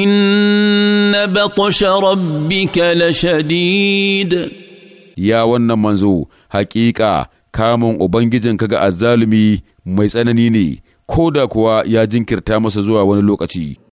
inna ka rabbika shadid ya wannan manzo haƙiƙa kamun ubangijinka ga azzalumi mai tsanani ne ko da kuwa ya jinkirta masa zuwa wani lokaci